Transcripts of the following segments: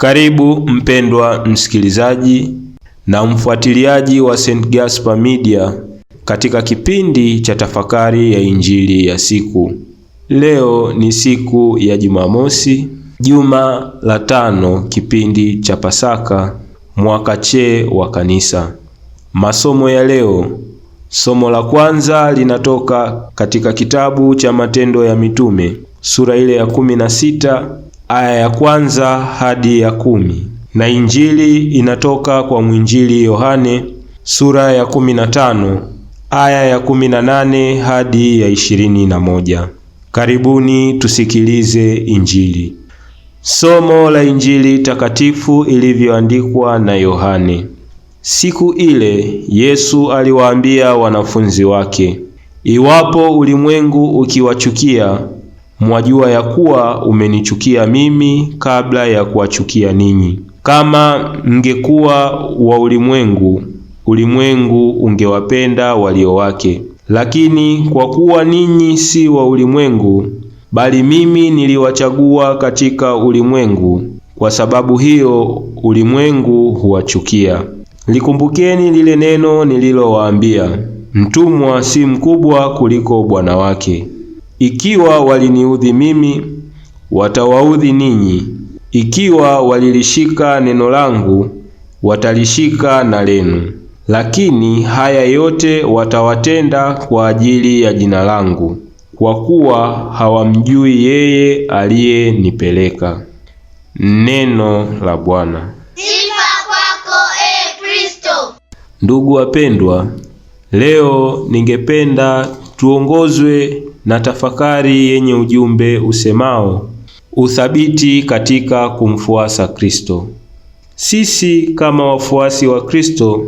Karibu mpendwa msikilizaji na mfuatiliaji wa St. Gaspar Media katika kipindi cha tafakari ya injili ya siku. Leo ni siku ya Jumamosi, juma la tano kipindi cha Pasaka mwaka C wa Kanisa. Masomo ya leo, somo la kwanza linatoka katika kitabu cha Matendo ya Mitume sura ile ya aya ya kwanza hadi ya kumi na Injili inatoka kwa mwinjili Yohane sura ya 15 aya ya 18 hadi ya 21. Karibuni tusikilize Injili. Somo la Injili takatifu ilivyoandikwa na Yohane. Siku ile Yesu aliwaambia wanafunzi wake, iwapo ulimwengu ukiwachukia mwajua ya kuwa umenichukia mimi kabla ya kuwachukia ninyi. Kama mngekuwa wa ulimwengu, ulimwengu ungewapenda walio wake, lakini kwa kuwa ninyi si wa ulimwengu, bali mimi niliwachagua katika ulimwengu, kwa sababu hiyo ulimwengu huwachukia. Likumbukeni lile neno nililowaambia, mtumwa si mkubwa kuliko bwana wake. Ikiwa waliniudhi mimi, watawaudhi ninyi; ikiwa walilishika neno langu, watalishika na lenu. Lakini haya yote watawatenda kwa ajili ya jina langu, kwa kuwa hawamjui yeye aliyenipeleka. Neno la Bwana. Sifa kwako, e Kristo. Ndugu wapendwa, leo ningependa tuongozwe na tafakari yenye ujumbe usemao uthabiti katika kumfuasa Kristo. Sisi kama wafuasi wa Kristo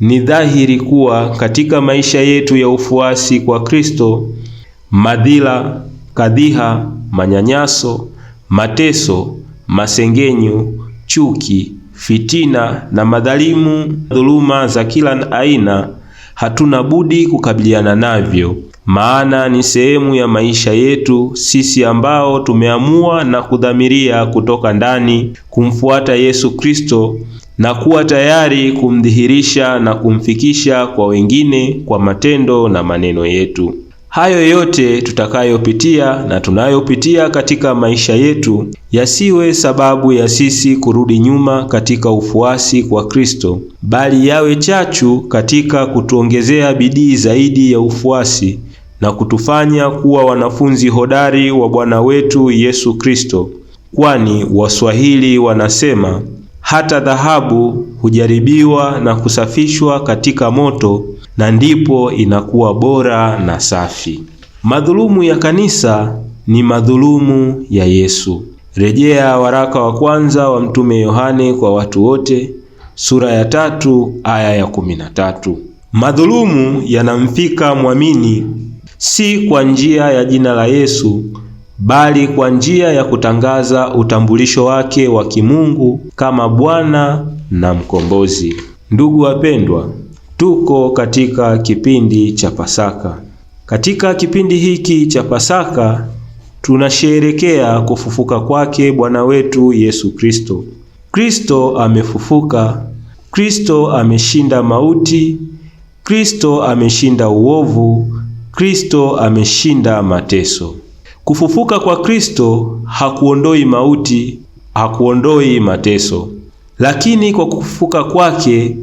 ni dhahiri kuwa katika maisha yetu ya ufuasi kwa Kristo, madhila, kadhiha, manyanyaso, mateso, masengenyo, chuki, fitina na madhalimu, dhuluma za kila aina hatuna budi kukabiliana navyo maana ni sehemu ya maisha yetu sisi ambao tumeamua na kudhamiria kutoka ndani kumfuata Yesu Kristo na kuwa tayari kumdhihirisha na kumfikisha kwa wengine kwa matendo na maneno yetu. Hayo yote tutakayopitia na tunayopitia katika maisha yetu yasiwe sababu ya sisi kurudi nyuma katika ufuasi kwa Kristo, bali yawe chachu katika kutuongezea bidii zaidi ya ufuasi na kutufanya kuwa wanafunzi hodari wa Bwana wetu Yesu Kristo, kwani Waswahili wanasema hata dhahabu hujaribiwa na kusafishwa katika moto na ndipo inakuwa bora na safi. Madhulumu ya kanisa ni madhulumu ya Yesu. Rejea waraka wa kwanza wa Mtume Yohane kwa watu wote sura ya tatu aya ya kumi na tatu. Madhulumu yanamfika mwamini si kwa njia ya jina la Yesu bali kwa njia ya kutangaza utambulisho wake wa kimungu kama Bwana na Mkombozi. Ndugu wapendwa, tuko katika kipindi cha Pasaka. Katika kipindi hiki cha Pasaka tunasherekea kufufuka kwake Bwana wetu Yesu Kristo. Kristo amefufuka, Kristo ameshinda mauti, Kristo ameshinda uovu Kristo ameshinda mateso. Kufufuka kwa Kristo hakuondoi mauti, hakuondoi mateso, lakini kwa kufufuka kwake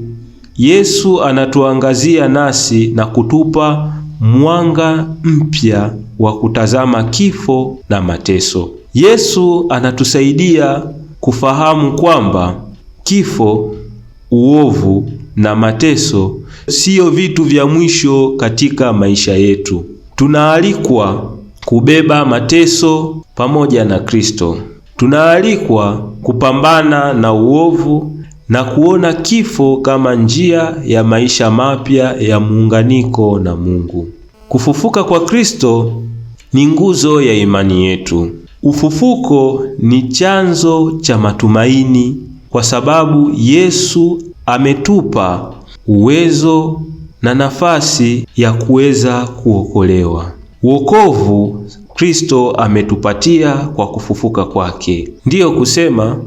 Yesu anatuangazia nasi na kutupa mwanga mpya wa kutazama kifo na mateso. Yesu anatusaidia kufahamu kwamba kifo, uovu na mateso siyo vitu vya mwisho katika maisha yetu. Tunaalikwa kubeba mateso pamoja na Kristo. Tunaalikwa kupambana na uovu na kuona kifo kama njia ya maisha mapya ya muunganiko na Mungu. Kufufuka kwa Kristo ni nguzo ya imani yetu. Ufufuko ni chanzo cha matumaini kwa sababu Yesu ametupa uwezo na nafasi ya kuweza kuokolewa. Wokovu Kristo ametupatia kwa kufufuka kwake. Ndiyo kusema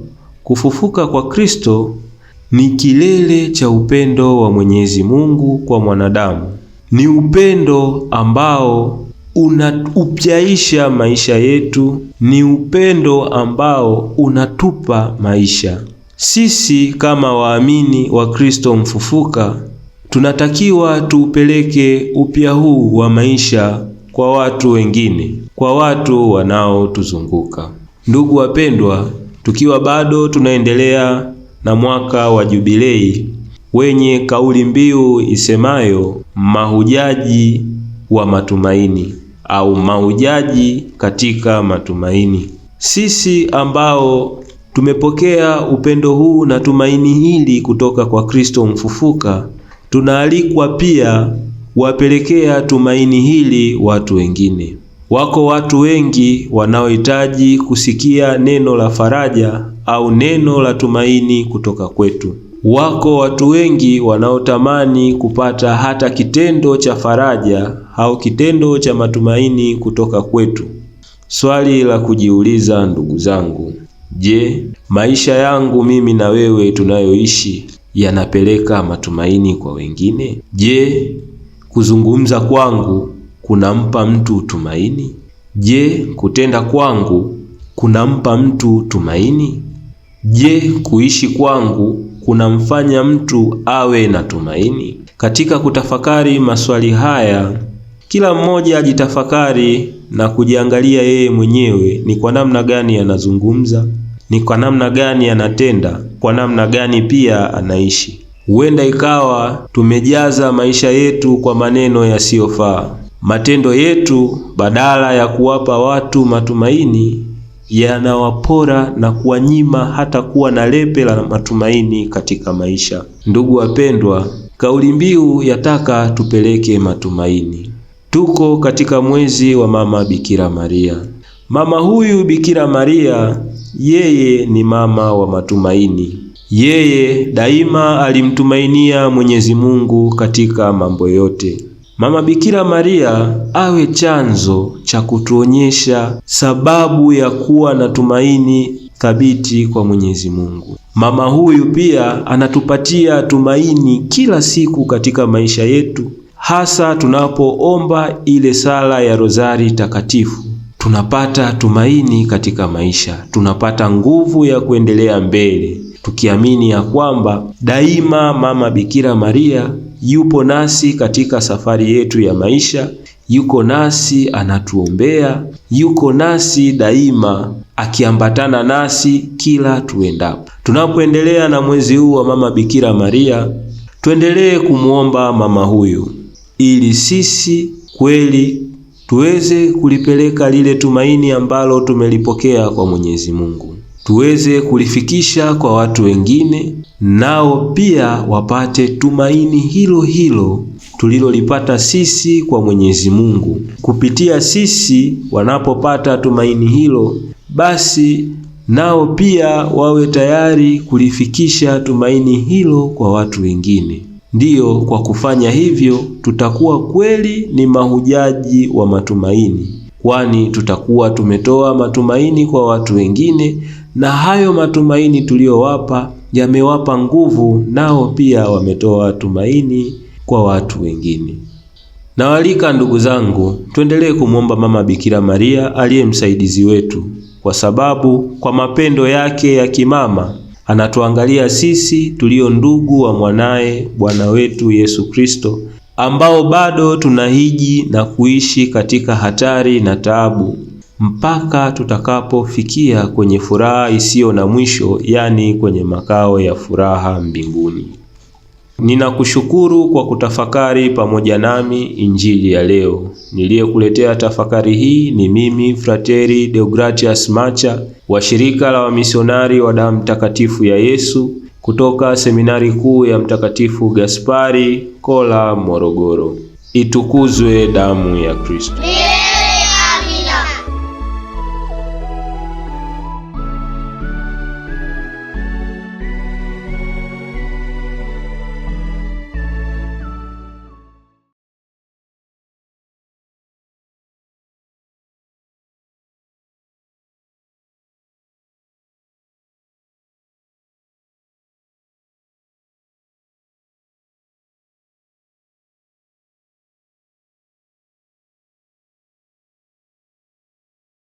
kufufuka kwa Kristo ni kilele cha upendo wa Mwenyezi Mungu kwa mwanadamu. Ni upendo ambao unaupyaisha maisha yetu, ni upendo ambao unatupa maisha. Sisi kama waamini wa Kristo mfufuka tunatakiwa tuupeleke upya huu wa maisha kwa watu wengine, kwa watu wanaotuzunguka. Ndugu wapendwa, tukiwa bado tunaendelea na mwaka wa Jubilei wenye kauli mbiu isemayo mahujaji wa matumaini au mahujaji katika matumaini, sisi ambao Tumepokea upendo huu na tumaini hili kutoka kwa Kristo mfufuka. Tunaalikwa pia kuwapelekea tumaini hili watu wengine. Wako watu wengi wanaohitaji kusikia neno la faraja au neno la tumaini kutoka kwetu. Wako watu wengi wanaotamani kupata hata kitendo cha faraja au kitendo cha matumaini kutoka kwetu. Swali la kujiuliza ndugu zangu, Je, maisha yangu mimi na wewe tunayoishi yanapeleka matumaini kwa wengine? Je, kuzungumza kwangu kunampa mtu tumaini? Je, kutenda kwangu kunampa mtu tumaini? Je, kuishi kwangu kunamfanya mtu awe na tumaini? Katika kutafakari maswali haya, kila mmoja ajitafakari na kujiangalia yeye mwenyewe ni kwa namna gani anazungumza ni kwa namna gani anatenda, kwa namna gani pia anaishi. Huenda ikawa tumejaza maisha yetu kwa maneno yasiyofaa. Matendo yetu badala ya kuwapa watu matumaini yanawapora na kuwanyima hata kuwa na lepe la matumaini katika maisha. Ndugu wapendwa, kauli mbiu yataka tupeleke matumaini. Tuko katika mwezi wa Mama Bikira Maria. Mama huyu Bikira Maria yeye ni mama wa matumaini. Yeye daima alimtumainia Mwenyezi Mungu katika mambo yote. Mama Bikira Maria awe chanzo cha kutuonyesha sababu ya kuwa na tumaini thabiti kwa Mwenyezi Mungu. Mama huyu pia anatupatia tumaini kila siku katika maisha yetu, hasa tunapoomba ile sala ya Rozari takatifu tunapata tumaini katika maisha, tunapata nguvu ya kuendelea mbele, tukiamini ya kwamba daima Mama Bikira Maria yupo nasi katika safari yetu ya maisha, yuko nasi anatuombea, yuko nasi daima akiambatana nasi kila tuendapo. Tunapoendelea na mwezi huu wa Mama Bikira Maria, tuendelee kumwomba mama huyu ili sisi kweli tuweze kulipeleka lile tumaini ambalo tumelipokea kwa Mwenyezi Mungu, tuweze kulifikisha kwa watu wengine, nao pia wapate tumaini hilo hilo tulilolipata sisi kwa Mwenyezi Mungu. Kupitia sisi wanapopata tumaini hilo, basi nao pia wawe tayari kulifikisha tumaini hilo kwa watu wengine. Ndiyo, kwa kufanya hivyo tutakuwa kweli ni mahujaji wa matumaini, kwani tutakuwa tumetoa matumaini kwa watu wengine, na hayo matumaini tuliyowapa yamewapa nguvu, nao pia wametoa tumaini kwa watu wengine. nawalika ndugu zangu, tuendelee kumwomba Mama Bikira Maria aliye msaidizi wetu, kwa sababu kwa mapendo yake ya kimama Anatuangalia sisi tulio ndugu wa mwanaye Bwana wetu Yesu Kristo, ambao bado tunahiji na kuishi katika hatari na taabu mpaka tutakapofikia kwenye furaha isiyo na mwisho, yani kwenye makao ya furaha mbinguni. Ninakushukuru kwa kutafakari pamoja nami injili ya leo. Niliyekuletea tafakari hii ni mimi Frateri Deogratias Macha wa shirika la wamisionari wa, wa damu mtakatifu ya Yesu kutoka seminari kuu ya Mtakatifu Gaspari Kola, Morogoro. Itukuzwe damu ya Kristo!